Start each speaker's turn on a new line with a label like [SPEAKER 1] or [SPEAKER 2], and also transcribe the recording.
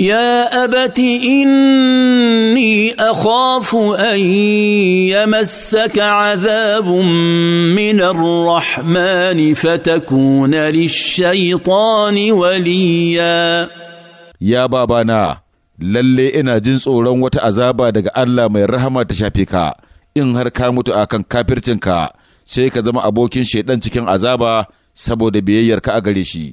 [SPEAKER 1] يا أبت إني أخاف أن يمسك عذاب من الرحمن فتكون للشيطان وليا
[SPEAKER 2] يا بابانا lalle ina jin tsoron wata azaba daga Allah mai rahama ta shafe ka in har ka mutu a kan kafircinka sai ka zama abokin shaidan cikin azaba
[SPEAKER 3] saboda biyayyarka a gare shi